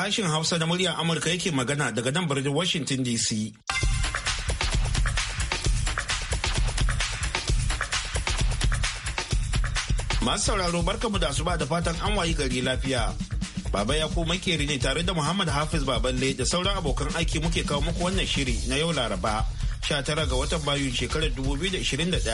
Sashin Hausa na muryar Amurka yake magana daga nan birnin Washington DC. Masu sauraro barkamu da ba da fatan an wayi gari lafiya. Baba ya ko ne tare da Muhammad Hafiz Baballe da sauran abokan aiki muke kawo muku wannan shiri na yau Laraba sha tara ga watan bayu shekarar 2021.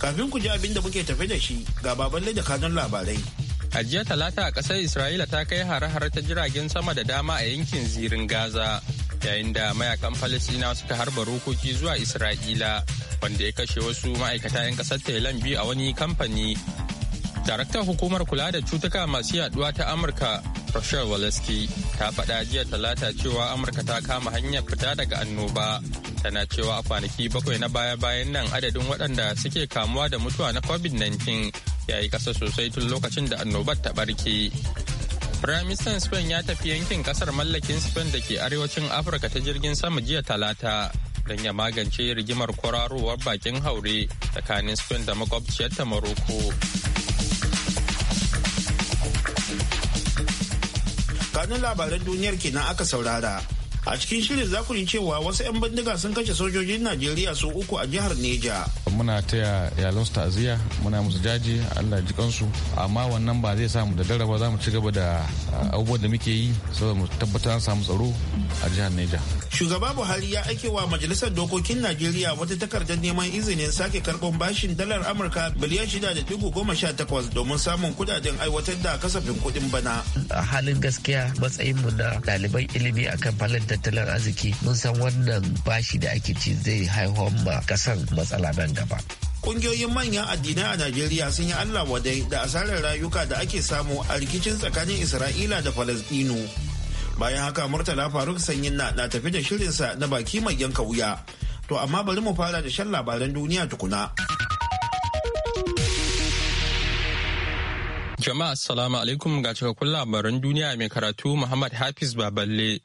Kafin ku ji abin da muke tafe da shi ga Baballe da kanun labarai. A jiya talata a ƙasar Isra'ila ta kai hare-hare ta jiragen sama da dama a yankin zirin Gaza, yayin da mayakan Falasina suka harba rokoki zuwa Isra'ila, wanda ya kashe wasu ma'aikata 'yan ƙasar Thailand biyu a wani kamfani. Daraktar hukumar kula da cutuka masu yaduwa ta Amurka, Rochelle Walensky, ta faɗa jiya talata cewa Amurka ta kama hanyar fita daga annoba. tana cewa a kwanaki bakwai na baya-bayan nan adadin waɗanda suke kamuwa da mutuwa na covid-19 ya yi kasa sosai tun lokacin da annobar ta ɓarke. Firaministan Spain ya tafi yankin ƙasar mallakin Spain da ke arewacin Afirka ta jirgin sama jiya talata don ya magance rigimar kwararowar bakin haure tsakanin Spain da makwabciyar ta Morocco. Kanun labaran duniyar kenan aka saurara. a cikin shirin za ku ji cewa wasu 'yan bindiga sun kashe sojojin najeriya su uku a jihar neja muna taya su ta'aziyya muna musu jaji allah ji kansu amma wannan ba zai samu da daraba za mu ci gaba da abubuwan da muke yi saboda mu tabbatar an samu tsaro a jihar Neja. Shugaba Buhari ya ake wa Majalisar Dokokin Najeriya wata takardar neman izinin sake karɓar bashin dalar Amurka biliyan shida da dubu goma sha takwas domin samun kudaden aiwatar da kasafin kuɗin bana. A halin gaskiya matsayin mu na ɗaliban ilimi akan falon tattalin arziki mun san wannan bashi da ake ci zai haihuwar ma kasan matsala nan gaba. kungiyoyin manyan addinai a Najeriya sun yi Allah wadai da asarar rayuka da ake samu a rikicin tsakanin Isra'ila da Falasɗinu. bayan haka murtala faruk sanyin na na tafi da shirinsa na baki mai yanka wuya to amma bari mu fara da shan labaran duniya tukuna jama'a assalamu alaikum ga cikakkun labaran duniya mai karatu muhammad hafiz baballe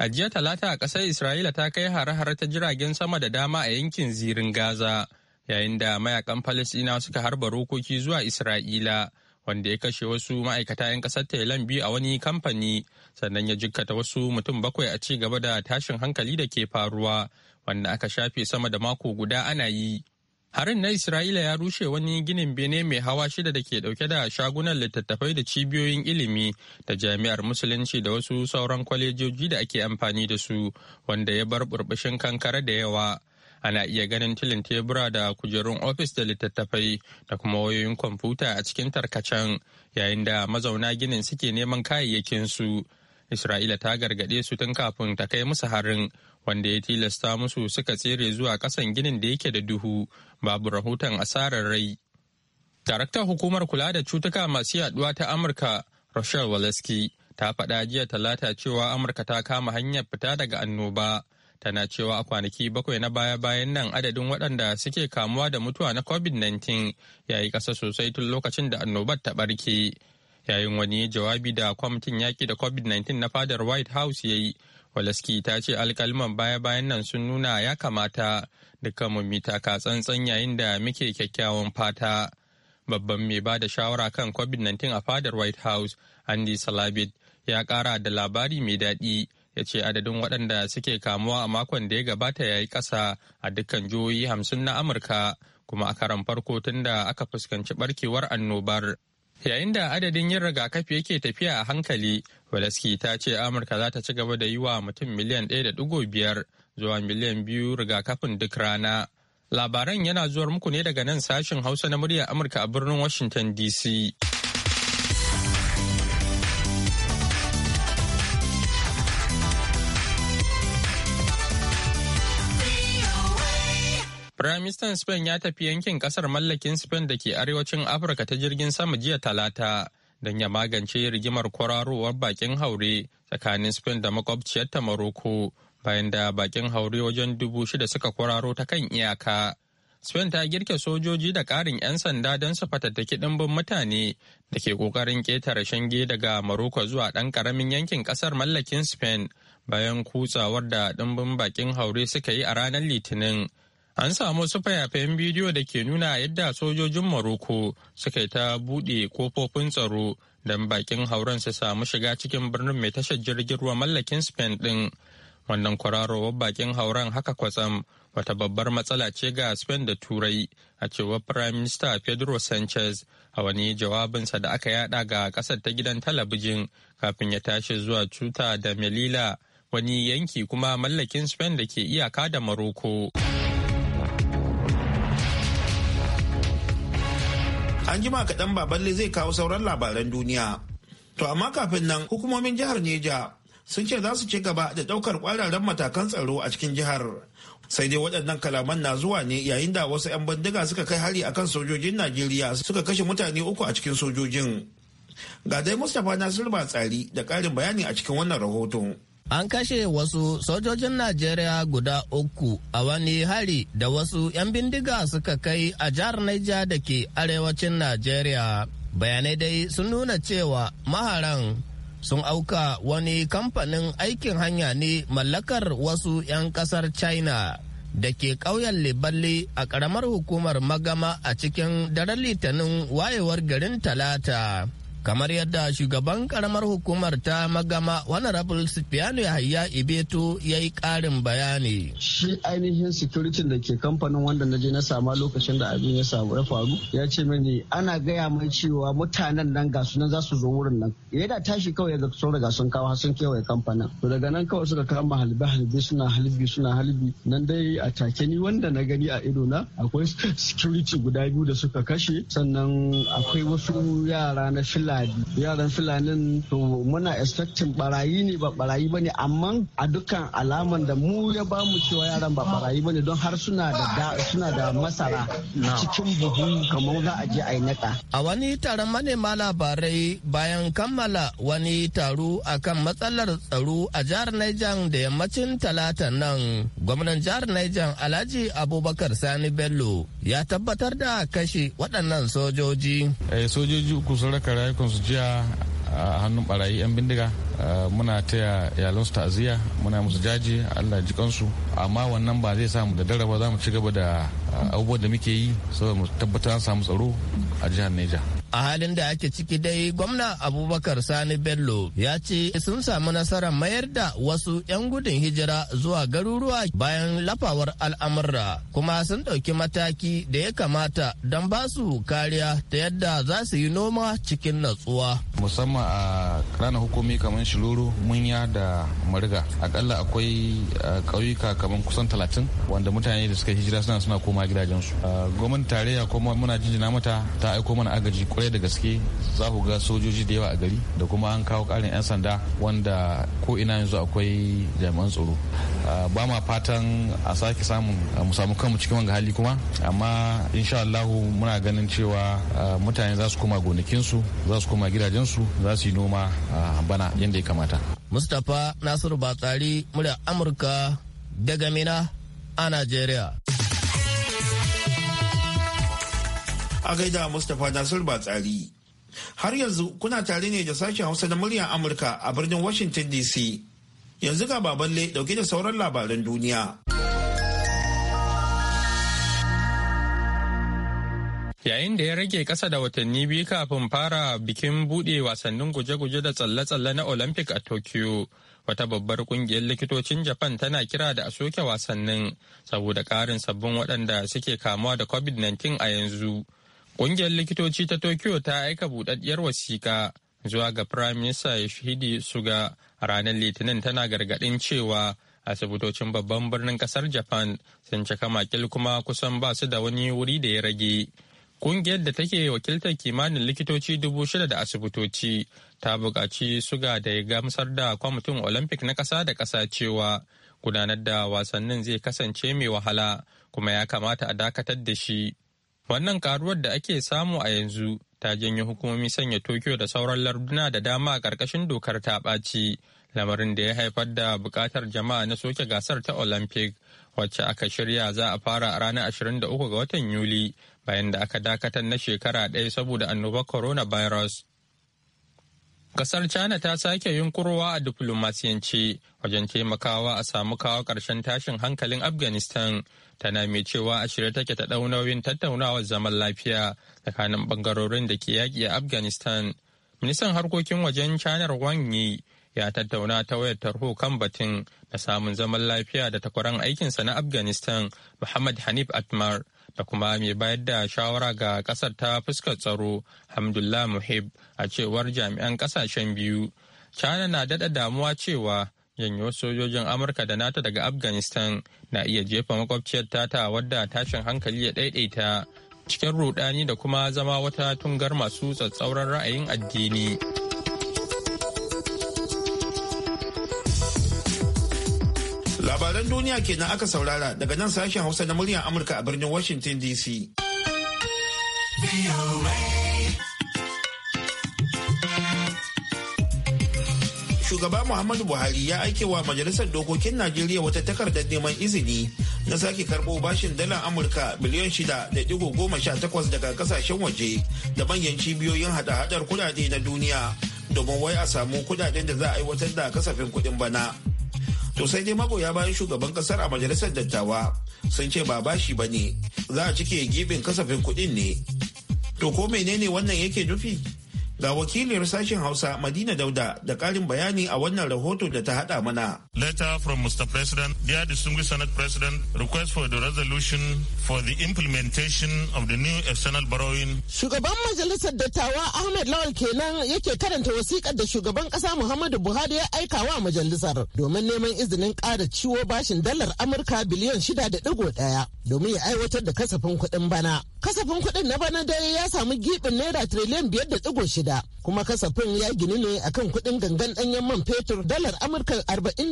a jiya talata a ƙasar isra'ila ta kai hare-hare ta jiragen sama da dama a yankin zirin gaza yayin da mayakan palestina suka harba rokoki zuwa isra'ila wanda ya kashe wasu ma'aikata 'yan ƙasar Thailand biyu a wani kamfani sannan ya jikkata wasu mutum bakwai a ci gaba da tashin hankali da ke faruwa wanda aka shafe sama da mako guda ana yi. Harin na Isra'ila ya rushe wani ginin bene mai hawa shida da ke dauke da shagunan littattafai da cibiyoyin ilimi da jami'ar musulunci da wasu sauran kwalejoji da ake amfani da su wanda ya bar burbushin kankara da yawa. ana iya ganin tilin tebura da kujerun ofis da littattafai da kuma wayoyin kwamfuta a cikin tarkacen yayin da mazauna ginin suke neman kayayyakin su isra'ila ta gargaɗe su tun kafin ta kai musu harin wanda ya tilasta musu suka tsere zuwa kasan ginin da yake da duhu babu rahoton asarar rai daraktan hukumar kula da cutuka masu yaduwa ta amurka rochelle waleski ta faɗa jiya talata cewa amurka ta kama hanyar fita daga annoba tana cewa a kwanaki bakwai na baya-bayan nan adadin waɗanda suke kamuwa da mutuwa na covid-19 ya yi ƙasa sosai tun lokacin da annobar ta ɓarke yayin wani jawabi da kwamitin yaƙi da covid-19 na fadar white house ya yi walaski ta ce alkalman baya-bayan nan sun nuna ya kamata dukkan mu mitaka tsantsan yayin da muke kyakkyawan fata babban mai ba da shawara kan covid-19 a fadar white house andy salabit ya ƙara da labari mai daɗi ya ce adadin waɗanda suke kamuwa a makon da ya gabata ya yi ƙasa a dukkan jihohi hamsin na amurka kuma a karan farko tun da aka fuskanci barkewar annobar yayin da adadin yin rigakafi yake tafiya a hankali walaski ta ce amurka za ta ci gaba da yi wa mutum miliyan ɗaya da biyar zuwa miliyan biyu rigakafin duk rana labaran yana zuwar muku ne daga nan sashen hausa na murya amurka a birnin washington dc Firaministan Spain ya tafi yankin kasar mallakin Spain da ke arewacin Afirka ta jirgin sama jiya talata don ya magance rigimar kwararowar bakin haure tsakanin Spain da makwabciyarta Morocco bayan da bakin haure wajen dubu shida suka kwararo ta kan iyaka. Spain ta girke sojoji da ƙarin 'yan sanda don su fatattaki ɗimbin mutane da ke ƙoƙarin ƙetare shange daga Morocco zuwa ɗan karamin yankin ƙasar mallakin Spain bayan kutsawar da ɗimbin bakin haure suka yi a ranar Litinin. An samu wasu fayafayen bidiyo da ke nuna yadda sojojin Maroko suka yi ta buɗe kofofin tsaro don bakin hauren su samu shiga cikin birnin mai tashar jirgin ruwa mallakin Spain ɗin. Wannan kwararowar bakin hauren haka kwatsam wata babbar matsala ce ga Spain da Turai a cewar Prime Minister Pedro Sanchez a wani jawabinsa da aka yada ga kasar ta gidan talabijin kafin ya tashi zuwa Cuta da Melilla wani yanki kuma mallakin Spain da ke iyaka da Maroko. An jima kaɗan baballe zai kawo sauran labaran duniya. To amma kafin nan hukumomin jihar Neja sun ce za su ci gaba da ɗaukar ƙwararren matakan tsaro a cikin jihar. Sai dai waɗannan kalaman na zuwa ne yayin da wasu 'yan bindiga suka kai hari akan sojojin Najeriya suka kashe mutane uku a cikin sojojin. Ga dai Mustapha Nasiru tsari da ƙarin bayani a cikin wannan rahoton. An kashe wasu sojojin Najeriya guda uku a wani hari da wasu 'yan bindiga suka kai a jihar Naija da ke arewacin Najeriya. Bayanai dai sun nuna cewa maharan sun auka wani kamfanin aikin hanya ne mallakar wasu 'yan kasar China da ke ƙauyen Liballi a ƙaramar hukumar Magama a cikin daren Litinin wayewar garin Talata. kamar yadda shugaban karamar hukumar ta magama honorable ya Yahaya Ibeto ya yi karin bayani. Shi ainihin security da ke kamfanin wanda na je na sama lokacin da abin ya samu ya faru ya ce mini ana gaya mai cewa mutanen nan ga nan za su zo wurin nan. Ya da tashi kawai ya sun riga sun kawo sun kewaye kamfanin. To daga nan kawai suka kama halbe halbe suna halbi suna halbi nan dai a take ni wanda na gani a ido na akwai security guda biyu da suka kashe sannan akwai wasu yara na fila Fulani. yaran fulanin to muna expecting barayi ne ba barayi ba ne amma a dukkan alaman da mu ya ba mu cewa yaran ba barayi ba ne don har suna da suna da masara cikin buhu kamar za a je a naka a wani taron manema labarai bayan kammala wani taro akan matsalar tsaro a jihar Niger da yammacin talata nan gwamnan jihar Niger Alhaji Abubakar Sani Bello ya tabbatar da kashe waɗannan sojoji. Eh, sojoji kusa da raka kansu jiya a hannun barayi 'yan bindiga muna taya su ta'aziyya muna musu jaji allah jikansu amma wannan ba zai samu da dare ba za mu ci gaba da abubuwan da muke yi saboda mu tabbatar an samu tsaro a jihar neja a halin da ake ciki dai gwamna abubakar sani bello ya ce sun samu nasarar mayar da wasu 'yan gudun hijira zuwa garuruwa bayan lafawar al'amurra kuma sun ɗauki mataki da ya kamata don ba su kariya ta yadda za su yi noma cikin natsuwa musamman a ranar hukumi kamar shiluru munya da mariga akalla akwai ƙauyuka kamar kusan talatin wanda mutane da suka hijira suna suna koma gidajensu gwamnati tarayya kuma muna jinjina mata ta aiko mana agaji kwarai da gaske za ku ga sojoji da yawa a gari da kuma an kawo karin 'yan sanda wanda ko ina yanzu akwai jami'an tsoro ah, ba ma fatan a sake samu mu samu kanmu cikin wanga hali kuma amma insha Allahu muna ganin cewa ah, mutane za su koma gonakinsu za su koma gidajensu za su yi noma ah, bana yadda ya kamata Mustapha Nasiru Batsari murya Amurka daga Mina a Najeriya. A gaida Mustapha Nasir Batsari. Har yanzu kuna tare ne da sashen Hausa na murya Amurka a birnin Washington DC. Yanzu ga baballe dauke da sauran labaran duniya. Yayin da ya rage kasa da watanni biyu kafin fara bikin buɗe wasannin guje-guje da tsalle-tsalle na Olympic a Tokyo, wata babbar kungiyar likitocin Japan tana kira da a soke wasannin saboda karin sabbin waɗanda suke kamuwa da COVID-19 a yanzu. Ƙungiyar likitoci ta Tokyo ta aika buɗaɗɗiyar wasiƙa zuwa ga Prime Minister Yoshihide Suga a ranar Litinin tana gargaɗin cewa asibitocin babban birnin ƙasar Japan sun cika makil kuma kusan ba su da wani wuri da ya rage. Ƙungiyar da take wakiltar kimanin likitoci dubu shida da asibitoci ta buƙaci Suga da ya gamsar da kwamitin Olympic na ƙasa da ƙasa cewa gudanar da wasannin zai kasance mai wahala kuma ya kamata a dakatar da shi. Wannan karuwar da ake samu a yanzu ta janyo hukumomi sanya Tokyo da sauran larduna da dama a ƙarƙashin dokar ta ɓaci, lamarin da ya haifar da buƙatar jama'a na soke gasar ta Olympic, wacce aka shirya za a fara a ranar 23 ga watan Yuli, bayan da aka dakatar na shekara ɗaya saboda annobar coronavirus. Kasar China ta sake yunkurwa a diflomasiyance wajen taimakawa a samu kawo ƙarshen tashin hankalin Afghanistan. Tana mai cewa a shirye take ta ɗau nauyin tattaunawar zaman lafiya tsakanin ɓangarorin da ke yaƙi a Afghanistan. Ministan harkokin wajen China Wang Yi ya tattauna ta wayar tarho kan batun da samun zaman lafiya da takwaran aikinsa na afghanistan muhammad hanif atmar da kuma mai bayar da shawara ga kasar ta fuskar tsaro hamdullah muhib a cewar jami'an kasashen biyu china na daɗa damuwa cewa janyo sojojin amurka da nata daga afghanistan na iya jefa makwabciyar tata wadda tashin hankali ya ɗaiɗaita cikin rudani da kuma zama wata tungar masu tsatsauran ra'ayin addini. labaran duniya kenan aka saurara daga nan sashen hausa na muryar amurka a birnin washington dc shugaba muhammadu buhari ya aike wa majalisar dokokin najeriya wata takardar neman izini na sake karbo bashin dalar amurka biliyan shida da digo goma sha takwas daga kasashen waje da manyan cibiyoyin hada-hadar kudade na duniya domin wai a samu kudaden da za a aiwatar da kasafin kudin bana To sai dai magoya bayan shugaban kasar a majalisar dattawa sun ce ba bashi ba ne za a cike gibin kasafin kuɗin ne. To ko menene wannan yake nufi? Ga wakiliyar sashen Hausa Madina Dauda da ƙarin bayani a wannan rahoto da ta hada mana. Letter from Mr. President, dear distinguished Senate President, request for the resolution for the implementation of the new external borrowing. Shugaban Majalisar Dattawa Ahmed Lawal kenan yake karanta wasikar da shugaban ƙasa Muhammadu Buhari ya aika wa majalisar domin neman izinin kara ciwo bashin dalar Amurka biliyan shida da ɗigo ɗaya domin ya aiwatar da kasafin kuɗin bana. Kasafin kuɗin na bana dai ya samu giɓin naira tiriliyan biyar da ɗigo shida. kuma kasafin ya gini ne akan kuɗin gangan ɗanyen man fetur dalar amurka arba'in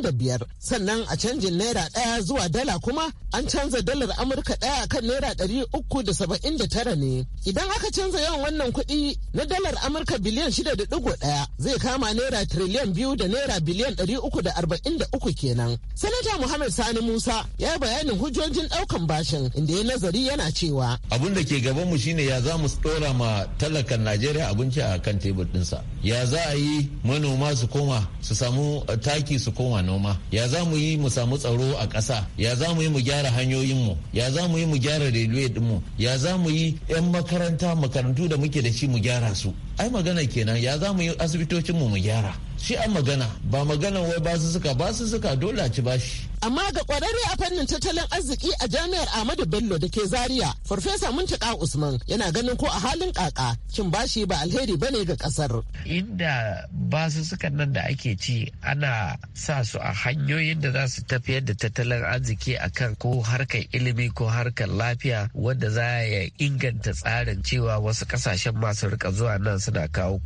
sannan a canjin naira ɗaya zuwa dala kuma an canza dalar amurka ɗaya akan naira ɗari uku da saba'in da tara ne idan aka canza yawan wannan kuɗi na dalar amurka biliyan shida da ɗigo ɗaya zai kama naira tiriliyan biyu da naira biliyan ɗari uku da arba'in da uku kenan sanata muhammad sani musa ya bayanin hujjojin ɗaukan bashin inda ya nazari yana cewa abin da ke gabanmu shine ya za mu ɗora ma talakan najeriya abinci a kan tebur dinsa ya za a yi manoma su koma su samu eh, taki su koma noma ya za mu yi mu samu tsaro a ƙasa ya za mu yi mu gyara hanyoyinmu ya za mu yi mu gyara railway mu. ya za mu yi 'yan makaranta makarantu da muke da shi mu gyara su ai magana kenan ya za mu yi asibitocinmu mu gyara shi an magana ba magana wai basu suka basu suka dole a ci bashi Amma ga kwararre a fannin tattalin arziki a jami'ar Ahmadu Bello da ke Zaria, Farfesa Muntaka Usman yana ganin ko a halin kaka kin bashi ba alheri bane ga kasar. Inda suka nan da ake ci ana sa su a hanyoyin da za su tafiyar da tattalin arziki akan ko harkar ilimi ko harkar lafiya wanda za ya inganta tsarin cewa wasu kasashen masu rika zuwa nan suna kawo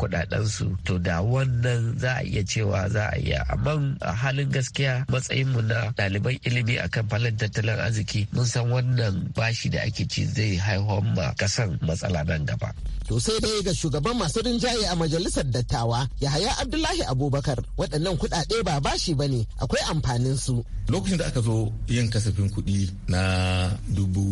su to da wannan za a iya cewa za a iya amma a halin gaskiya matsayinmu na ɗaliban ilimi akan falon tattalin arziki mun san wannan bashi da ake ci zai haihuwar ma kasan matsala nan gaba. To sai dai ga shugaban masu rinjaye a majalisar dattawa Yahaya Abdullahi Abubakar waɗannan kuɗaɗe ba bashi ba ne akwai amfanin su. Lokacin da aka zo yin kasafin kuɗi na dubu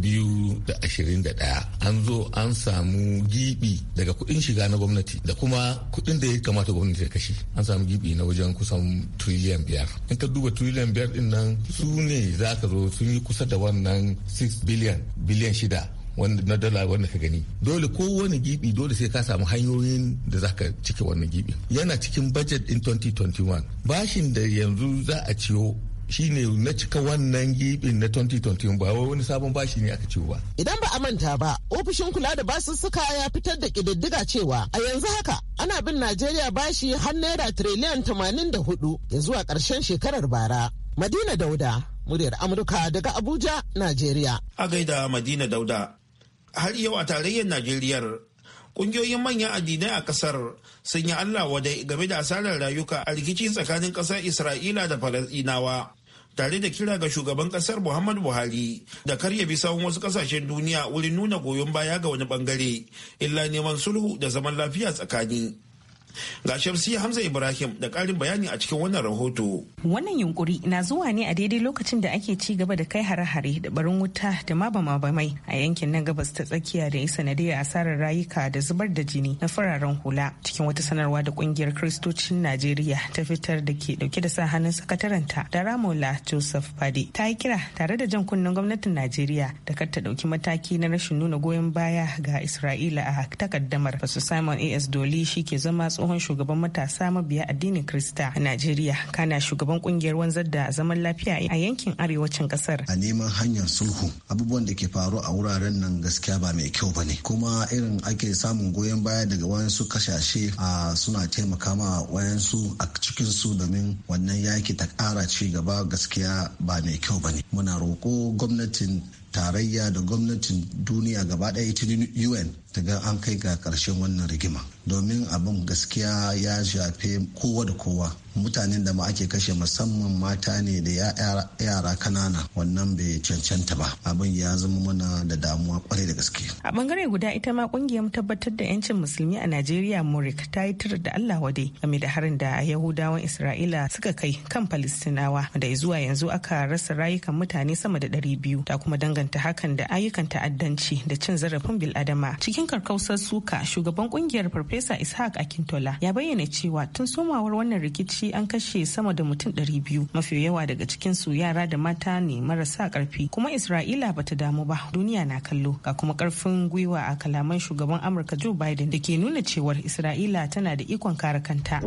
biyu da ashirin da ɗaya an zo an samu gibi daga kuɗin shiga na gwamnati da kuma kuɗin da ya kamata gwamnati ya kashe an samu gibi na wajen kusan tiriliyan biyar. In ka duba tiriliyan biliyan biyar din nan su ne za ka zo sun yi kusa da wannan 6 biliyan biliyan shida wanda na dala wanda ka gani dole kowane gibi dole sai ka samu hanyoyin da za ka cike wannan gibi yana cikin budget din 2021 bashin da yanzu za a ciyo shine na cika wannan gibin na 2021 ba wani sabon bashi ne aka ce ba. Idan ba a manta ba, ofishin kula da basussuka ya fitar da kididdiga cewa a yanzu haka ana bin Najeriya bashi har naira tiriliyan 84 ya zuwa karshen shekarar bara. Madina Dauda, muryar Amurka daga Abuja, Najeriya. A gaida Madina Dauda, har yau a tarayyar Najeriya kungiyoyin manyan addinai a kasar sun yi allah wadai game da asarar rayuka a rikici tsakanin kasar isra'ila da falasɗinawa tare da kira ga shugaban kasar muhammadu buhari da kar ya bi sawun wasu kasashen duniya wurin nuna goyon baya ga wani bangare illa neman sulhu da zaman lafiya tsakani Ga shamsi Hamza Ibrahim da ƙarin bayani a cikin wannan rahoto. Wannan yunkuri na zuwa ne a daidai lokacin da ake ci gaba da kai hare-hare da barin wuta da mabamabamai a yankin na gabas ta tsakiya da ya sanadiyar asarar rayuka da zubar da jini na fararen hula cikin wata sanarwa da kungiyar Kiristocin Najeriya ta fitar da ke dauke da sa hannun sakataranta da Ramola Joseph fadi ta yi kira tare da jan kunnen gwamnatin Najeriya da kar ta dauki mataki na rashin nuna goyon baya ga Isra'ila a takaddamar. Fasu Simon A.S. Doli shi ke zama tsohon shugaban matasa mabiya addinin Krista a Najeriya kana shugaban kungiyar wanzar da zaman lafiya a yankin arewacin kasar. A neman hanyar sulhu abubuwan da ke faru a wuraren nan gaskiya ba mai kyau bane kuma irin ake samun goyon baya daga wayansu kashashe a suna taimaka ma wayansu a cikin su domin wannan yaki ta ƙara ci gaba gaskiya ba mai kyau bane. Muna roƙo gwamnatin tarayya da gwamnatin duniya gaba ɗaya ta UN ta ga an kai ga ƙarshen wannan rigima domin abin gaskiya ya shafe kowa da kowa mutanen da ma ake kashe musamman mata ne da yara kanana wannan bai cancanta ba abin ya zama mana da damuwa kwarai da gaske a bangare guda ita ma kungiyar tabbatar da yancin musulmi a najeriya murik ta yi tir da allah wade game da harin da yahudawan isra'ila suka kai kan palestinawa da zuwa yanzu aka rasa rayukan mutane sama da ɗari biyu ta kuma danganta hakan da ayyukan ta'addanci da cin zarafin bil'adama cikin cikin karkausar suka shugaban kungiyar farfesa ishaq akintola ya bayyana cewa tun somawar wannan rikici an kashe sama da mutum ɗari biyu. mafi yawa daga cikin su yara da mata ne marasa karfi kuma isra'ila bata damu ba duniya na kallo ga kuma karfin gwiwa a kalaman shugaban amurka joe biden da ke nuna cewar isra'ila tana da ikon kare kanta.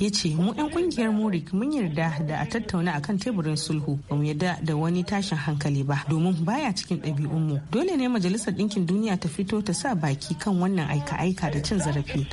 ya ce mu 'yan kungiyar murik mun yarda da a tattauna kan teburin sulhu ba mu yarda da wani tashin hankali ba domin baya cikin ɗabi'unmu dole ne majalisar ɗinkin duniya ta fito ta sa baki kan wannan aika-aika da cin zarafi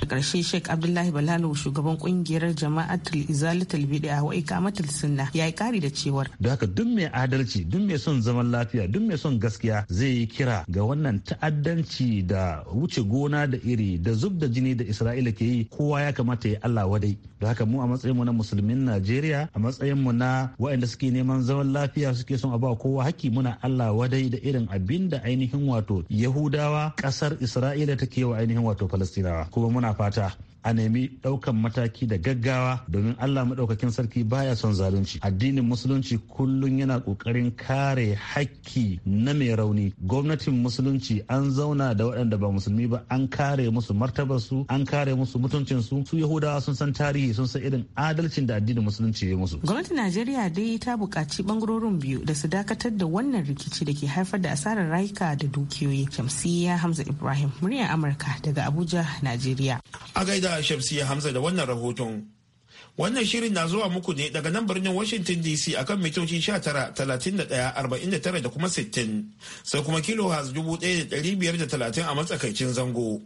A ƙarshe sheikh abdullahi balalo shugaban kungiyar jama'atul izalatul a waika ikamatul sunna ya yi kari da cewar da haka duk mai adalci duk mai son zaman lafiya duk mai son gaskiya zai yi kira ga wannan ta'addanci da wuce gona da iri da zub da jini da isra'ila ke yi kowa ya kama. ta yi Allah wadai da haka mu a matsayin mu na musulmin Najeriya a matsayin mu na waɗanda suke neman zaman lafiya suke son a ba kowa haƙƙi muna Allah wadai da irin abin da ainihin wato Yahudawa ƙasar Isra'ila take wa ainihin wato Falastinawa kuma muna fata a nemi ɗaukan mataki da gaggawa domin Allah maɗaukakin sarki baya son zalunci addinin musulunci kullum yana ƙoƙarin kare hakki na mai rauni gwamnatin musulunci an zauna da waɗanda ba musulmi ba an kare musu martabarsu an kare musu mutuncinsu su yahudawa sun san tarihi sun san irin adalcin da addinin musulunci ya musu gwamnatin najeriya dai ta buƙaci bangarorin biyu da su dakatar da wannan rikici da ke haifar da asarar rayuka da dukiyoyi shamsiyya hamza ibrahim muryar amurka daga abuja najeriya a da Shamsiyya Hamza da wannan rahoton. Wannan shirin na zuwa muku ne daga nan birnin Washington DC akan mitoci 19, da kuma 60, sai kuma kilo has 1530 a matsakaicin zango.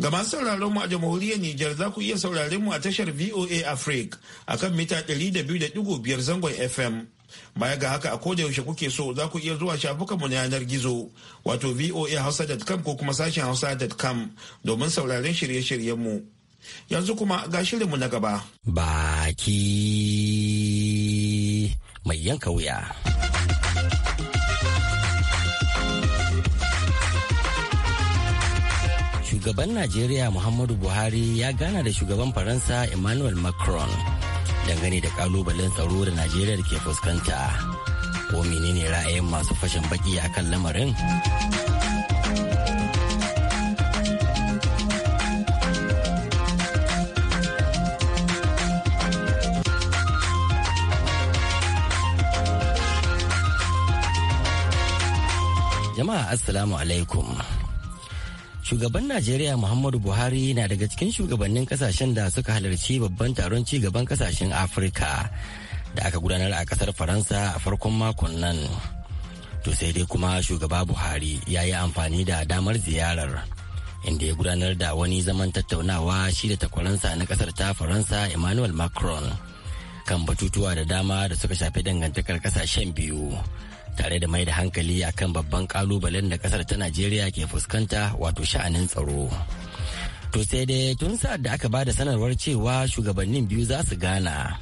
Ga masu sauraron mu a jamhuriyar Nijar za ku iya sauraren mu a tashar VOA Africa akan mita 200.5 zangon FM. Baya ga haka a koda yaushe kuke so za ku iya zuwa shafukanmu na yanar gizo wato voahausa.com ko kuma sashen hausa.com domin sauraron shirye shiryen mu Yanzu kuma ga mu na gaba. Baki mai yanka wuya. Shugaban Najeriya Muhammadu Buhari ya gana da shugaban Faransa Emmanuel Macron. dangane da kalubalen tsaro da najeriya ke fuskanta ko menene ra'ayin masu fashin baki kan lamarin jama'a assalamu alaikum shugaban najeriya muhammadu buhari na daga cikin shugabannin kasashen da suka halarci babban taron ci gaban kasashen afirka da aka gudanar a kasar faransa a farkon makon nan to sai dai kuma shugaba buhari ya yi amfani da damar ziyarar inda ya gudanar da wani zaman tattaunawa shi da takwaransa na kasar ta faransa emmanuel macron kan batutuwa da dama da suka shafi dangantakar kasashen biyu tare da mai da hankali akan babban kalubalen da kasar ta najeriya ke fuskanta wato sha'anin tsaro to sai dai tun sa'ad da aka bada sanarwar cewa shugabannin biyu za su gana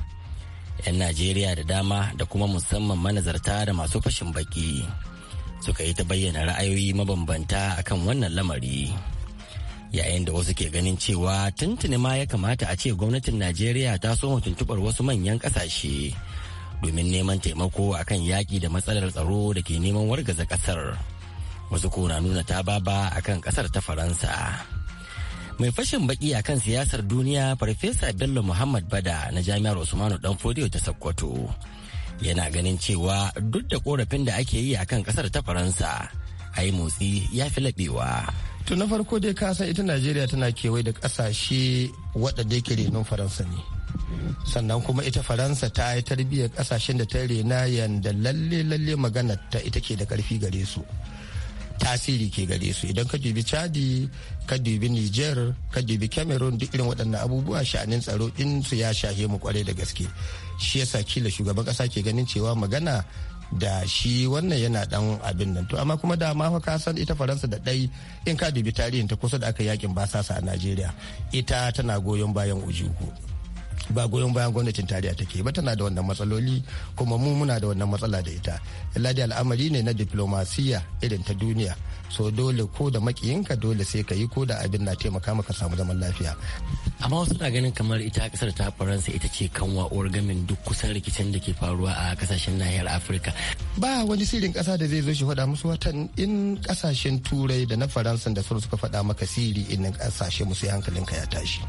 'yan najeriya da dama da kuma musamman manazarta da masu fashin baki suka yi ta bayyana ra'ayoyi mabambanta akan wannan lamari yayin da wasu ke ganin cewa tuntuni ma ya kamata a ce gwamnatin najeriya ta so tuntubar wasu manyan ƙasashe. domin neman taimako akan yaƙi da matsalar tsaro da ke neman wargaza ƙasar wasu ko na nuna ta baba a kan ƙasar ta faransa mai fashin baki kan siyasar duniya farfesa bello muhammad bada na jami'ar usmanu Fodiyo ta sokoto yana ganin cewa duk da korafin da ake yi a kan ƙasar ta faransa ai motsi ya fi laɓewa to na farko dai ka san ita najeriya tana kewaye da ƙasashe waɗanda ke renon faransa ne sannan kuma ita faransa ta yi tarbiyyar kasashen da ta rena yanda lalle lalle magana ta ita ke da karfi gare su tasiri ke gare su idan ka dubi chadi ka dubi niger ka dubi cameroon duk irin waɗannan abubuwa sha'anin tsaro in su ya shahe mu kwarai da gaske shi yasa kila shugaban ƙasa ke ganin cewa magana da shi wannan yana dan abin nan to amma kuma da ma ka san ita faransa da ɗai in ka dubi tarihin ta kusa da aka yakin basasa a najeriya ita tana goyon bayan ujuku ba goyon bayan gwamnatin tariya take ba tana da wannan matsaloli kuma mu muna da wannan matsala da ita ladi al'amari ne na diplomasiya irin ta duniya so dole ko da makiyinka dole sai ka yi ko da abin na taimaka maka samu zaman lafiya amma wasu na ganin kamar ita kasar ta faransa ita ce kanwa uwar gamin duk kusan rikicin da ke faruwa a kasashen nahiyar afirka ba wani sirrin kasa da zai zo shi faɗa musu watan in kasashen turai da na faransa da sun suka faɗa maka sirri in kasashe musu hankalinka ya tashi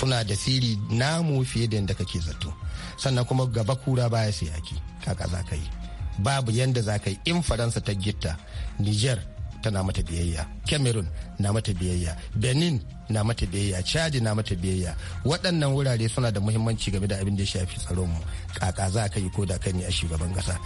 suna da siri namu fiye da yadda kake zato sannan kuma gaba kura baya sai yaki kaka za ka yi babu yadda za ka yi in faransa ta gitta niger tana mata biyayya cameroon na mata biyayya benin na mata biyayya chad na mata biyayya waɗannan wurare suna da muhimmanci game da abin da ya shafi tsaron mu kaka za ka yi ko da kai ne a shugaban ƙasa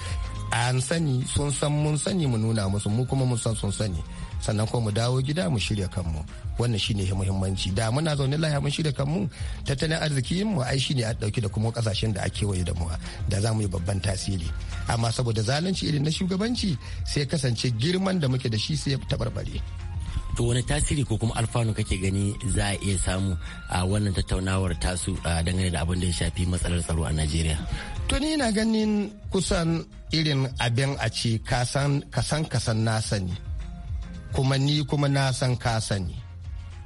an sani sun san mun sani mu nuna musu mu kuma mun san sun sani sannan kuma mu dawo gida mu shirya kanmu wannan shine muhimmanci da muna zaune lahiya mun shirya kanmu tattalin arziki mu ai shine a dauki da kuma kasashen da ake waye da mu da za mu yi babban tasiri amma saboda zalunci irin na shugabanci sai kasance girman da muke da shi sai ya tabarbare to wani tasiri ko kuma alfanu kake gani za a iya samu a wannan tattaunawar tasu dangane da abin da ya shafi matsalar tsaro a najeriya tuni na ganin kusan irin abin a ce kasan kasan na sani kuma ni kuma nasan san ka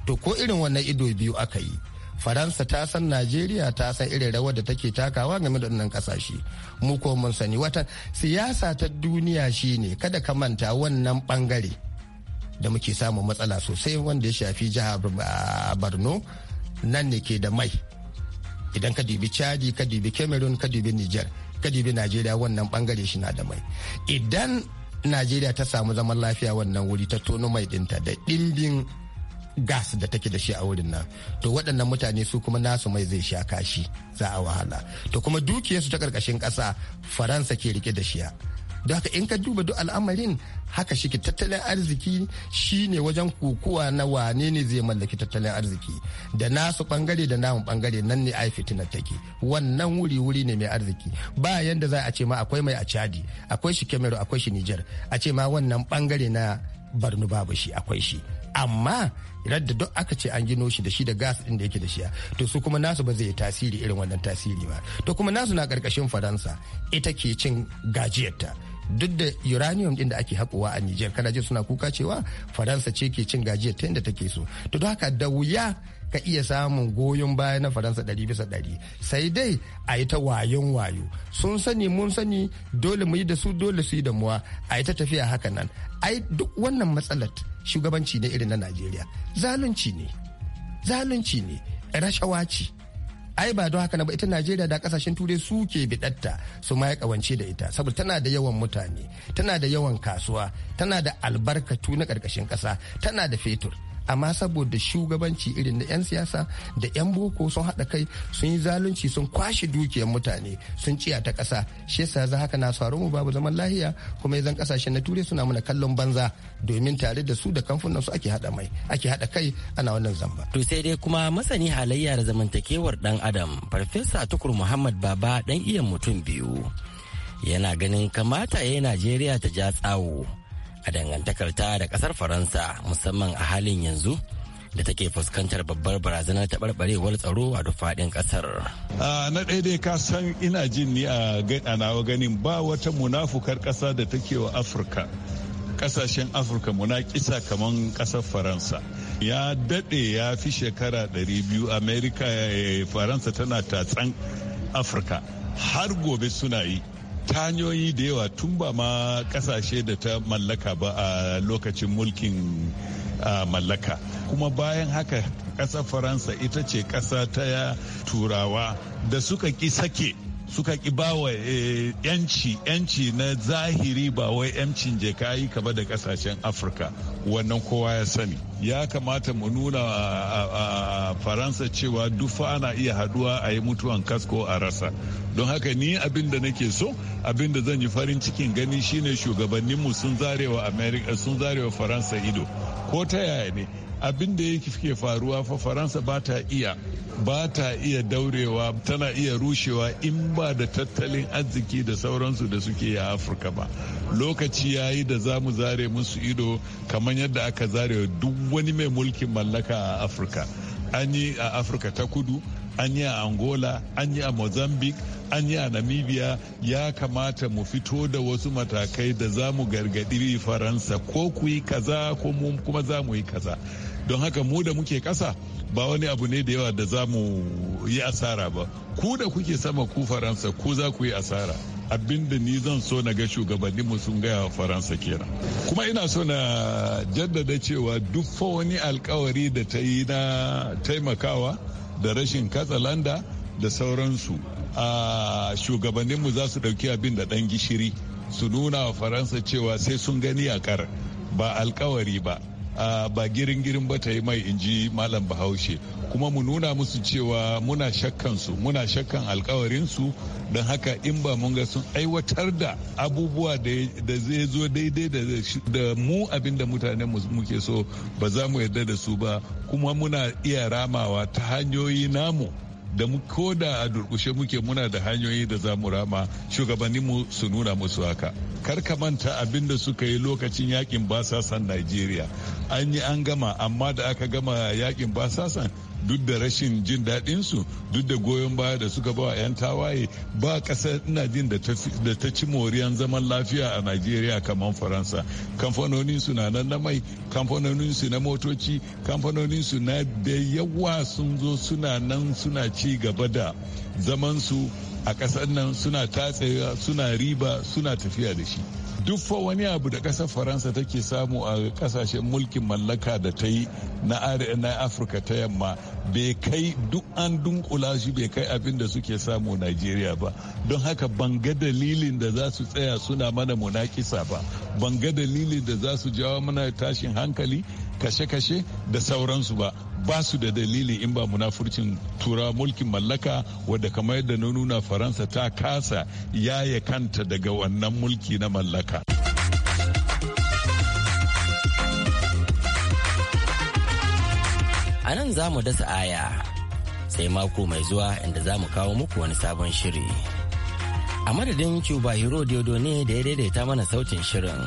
to ko irin wannan ido biyu aka yi faransa ta san najeriya ta san irin rawar da take takawa game da wannan kasashe mu ko mun sani wata siyasa ta duniya shi ne kada ka manta wannan bangare da muke samun matsala sosai wanda ya shafi jihar ah, borno nan ne ke da mai idan ka dubi chadi ka dubi cameroon ka dubi niger ka dubi najeriya wannan bangare shi na da mai idan najeriya ta samu zaman lafiya wannan wuri ta tono mai dinta da dimbin gas da take da shi a wurin nan to waɗannan mutane su kuma nasu mai zai sha kashi za a wahala to kuma dukiyarsu ta ƙarƙashin ƙasa faransa ke rike da shiya don haka in ka duba duk al'amarin haka shi tattalin arziki shine wajen kokowa na wane ne zai mallaki tattalin arziki da nasu bangare da namu bangare nan ne ai fitinar take wannan wuri wuri ne mai arziki ba yanda za a ce ma akwai mai a chadi akwai shi kemero akwai shi niger a ce ma wannan bangare na barnu babu shi akwai shi amma da duk aka ce an gino shi da shi da gas din da yake da shi to su kuma nasu ba zai tasiri irin wannan tasiri ba to kuma nasu na karkashin faransa ita ke cin gajiyarta duk da uranium din da ake haƙowa a Nijar kana jin suna kuka cewa Faransa ce ke cin gajiya ta inda take so to don haka da wuya ka iya samun goyon baya na faransa ɗari bisa ɗari sai dai a yi ta wayon wayo sun sani mun sani dole mu yi da su dole su yi da muwa a yi ta tafiya haka nan ai duk wannan matsalar shugabanci ne irin na najeriya zalunci ne zalunci ne rashawa ce ai ba don haka na ba ita najeriya da kasashen turai suke ke bidatta su ma ya kawance da ita saboda tana da yawan mutane tana da yawan kasuwa tana da albarkatu na karkashin kasa tana da fetur amma saboda shugabanci irin da 'yan siyasa da 'yan boko sun haɗa kai sun yi zalunci sun kwashe dukiyar mutane sun ciya ta ƙasa shi yasa za haka na faru mu babu zaman lahiya kuma yanzu ƙasashen na turai suna mana kallon banza domin tare da su da kamfunan su ake haɗa mai ake haɗa kai ana wannan zamba. to sai dai kuma masani halayya da zamantakewar dan adam farfesa tukur muhammad baba dan iyan mutum biyu yana ganin kamata ya yi najeriya ta ja tsawo a dangantakarta da kasar faransa musamman a halin yanzu da take fuskantar babbar barazanar taɓarɓarewar tsaro a dufaɗin ƙasar. na ɗaya dai ka san ina jin ni a nawa ganin ba wata munafukar ƙasa da take wa afirka ƙasashen afirka munakisa kamar ƙasar faransa ya daɗe ya fi shekara 200 amerika eh, faransa tana tatsan afirka har gobe suna yi ta hanyoyi da yawa tun ba ma kasashe da ta mallaka ba a lokacin mulkin mallaka kuma bayan haka ƙasar faransa ita ce kasa ta turawa da suka ki sake suka ki bawa e, yanci yanci na zahiri ba wai yancin je kayi kaba da kasashen afirka wannan kowa ya sani ya kamata mu nuna a faransa cewa dufa ana iya haduwa a yi mutuwan kasko a rasa don haka ni abin da nake so abin da zan yi farin cikin gani shine shugabanninmu sun zarewa america sun zarewa faransa ido ko ta yaya ne abin da yake faruwa fa faransa ba ta iya ba ta iya daurewa tana iya rushewa in ba da tattalin arziki da sauransu da suke a afirka ba lokaci yayi da za mu zare musu ido kamar yadda aka zarewa duk wani mai mulkin mallaka a afirka an yi a afirka ta kudu an yi a angola an yi a mozambique an yi a namibia ya kamata mu fito da wasu matakai da za mu gargadi faransa ko ku yi kaza ko kuma za mu yi kaza don haka mu da muke kasa ba wani abu ne da yawa da za mu yi asara ba ku da kuke sama ku faransa ku za ku yi asara abinda ni zan so na ga shugabanninmu sun gaya wa faransa kenan kuma ina so na jaddada cewa duk fa wani alkawari da ta yi na taimakawa da rashin katsalanda da sauransu a shugabanninmu za su dauki abin da dan gishiri su nuna wa faransa cewa sai sun gani a kar ba alkawari ba ba girin girin ba ta yi mai inji malam bahaushe kuma mu nuna musu cewa muna shakkan su muna shakkan alkawarin su don haka in ba mun ga sun aiwatar da abubuwa da zai zo daidai da mu abinda mutane mutanen muke so ba za mu yarda da su ba kuma muna iya ramawa ta hanyoyi namu da mu ko a durkushe muke muna da hanyoyi da za mu rama mu su nuna musu haka kar ka manta abin da suka yi lokacin yakin basasan najeriya an yi an gama amma da aka gama yakin basasan duk da rashin jin daɗinsu duk da goyon baya da suka bawa 'yan tawaye ba ƙasar ina jin da ta ci moriyan zaman lafiya a najeriya kamar faransa kamfanonin su na nan na mai kamfanonin su na motoci kamfanonin su na da yawa sun zo suna nan suna ci gaba da zaman su a ƙasar nan suna tatsewa suna riba suna tafiya da shi duk fa wani abu da ƙasar faransa take samu a ƙasashen mulkin mallaka da ta yi na afirka ta yamma bai kai duk an dunkula shi bai kai abin da suke samu najeriya ba don haka ban ga dalilin da za su tsaya suna mana munakisa ba ban ga dalilin da za su jawo mana tashin hankali kashe-kashe da sauransu ba ba su da dalili in ba munafurcin tura mulkin mallaka wadda kamar yadda na nuna faransa ta kasa yaya kanta daga wannan mulki na mallaka. A nan za mu dasa aya sai mako mai zuwa inda za mu kawo muku wani sabon shiri. A madadin Cuba Hero Diodo ne da ya daidaita mana sautin shirin.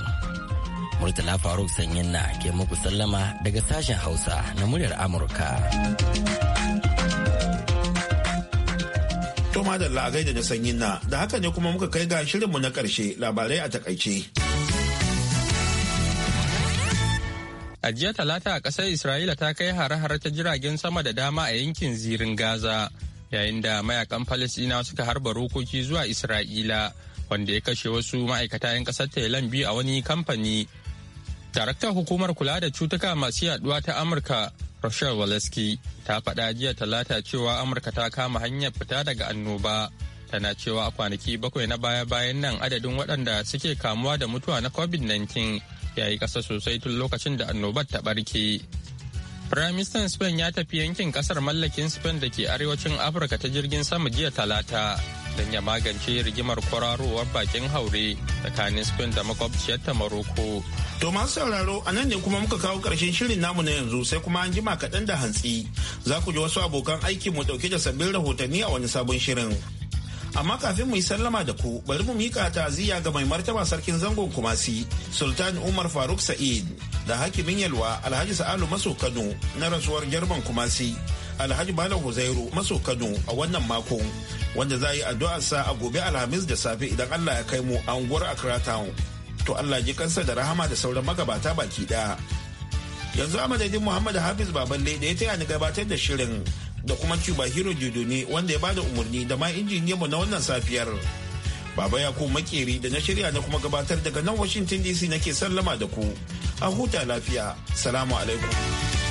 Murtala Faruk Sanyin na ke muku sallama daga sashen Hausa na muryar Amurka. Toma da lagai da na sanyin na da haka ne kuma muka kai ga shirinmu na karshe labarai a takaice. A jiya talata a ƙasar Isra'ila ta kai hare-hare ta jiragen sama da dama a yankin zirin Gaza yayin da mayakan Falasina suka harba rokoki zuwa Isra'ila wanda ya kashe wasu ma'aikata 'yan ƙasar Thailand biyu a wani kamfani Daraktan hukumar kula da cutuka masu yaduwa ta Amurka, Rochelle Waleski, ta faɗa jiya talata cewa Amurka ta kama hanyar fita daga annoba. Tana cewa a kwanaki bakwai na baya-bayan nan adadin waɗanda suke kamuwa da mutuwa na COVID-19 ya yi ƙasa sosai tun lokacin da annobar ta ɓarke. Firaministan Spain ya tafi yankin ƙasar mallakin Spain da ke arewacin Afirka ta jirgin sama jiya talata. don ya magance rigimar kwararowar bakin haure tsakanin spain da makwabciyarta maroko to masu sauraro a nan ne kuma muka kawo ƙarshen shirin namu na yanzu sai kuma an jima kaɗan da hantsi za ku ji wasu abokan aiki mu ɗauke da sabbin rahotanni a wani sabon shirin amma kafin mu yi sallama da ku bari mu miƙa ta'aziyya ga mai martaba sarkin zangon kumasi sultan umar faruk sa'id da hakimin yalwa alhaji sa'alu maso kano na rasuwar jarman kumasi alhaji malam huzairu maso kano a wannan mako wanda za yi addu'arsa a gobe alhamis da safe idan allah ya kai mu a unguwar accra town to allah ji kansa da rahama da sauran magabata baki daya yanzu a muhammad hafiz baballe da ya taya ni gabatar da shirin da kuma cuba hero ne wanda ya bada umarni da ma mu na wannan safiyar baba ya ku makeri da na shirya na kuma gabatar daga nan washington dc nake sallama da ku a huta lafiya salamu alaikum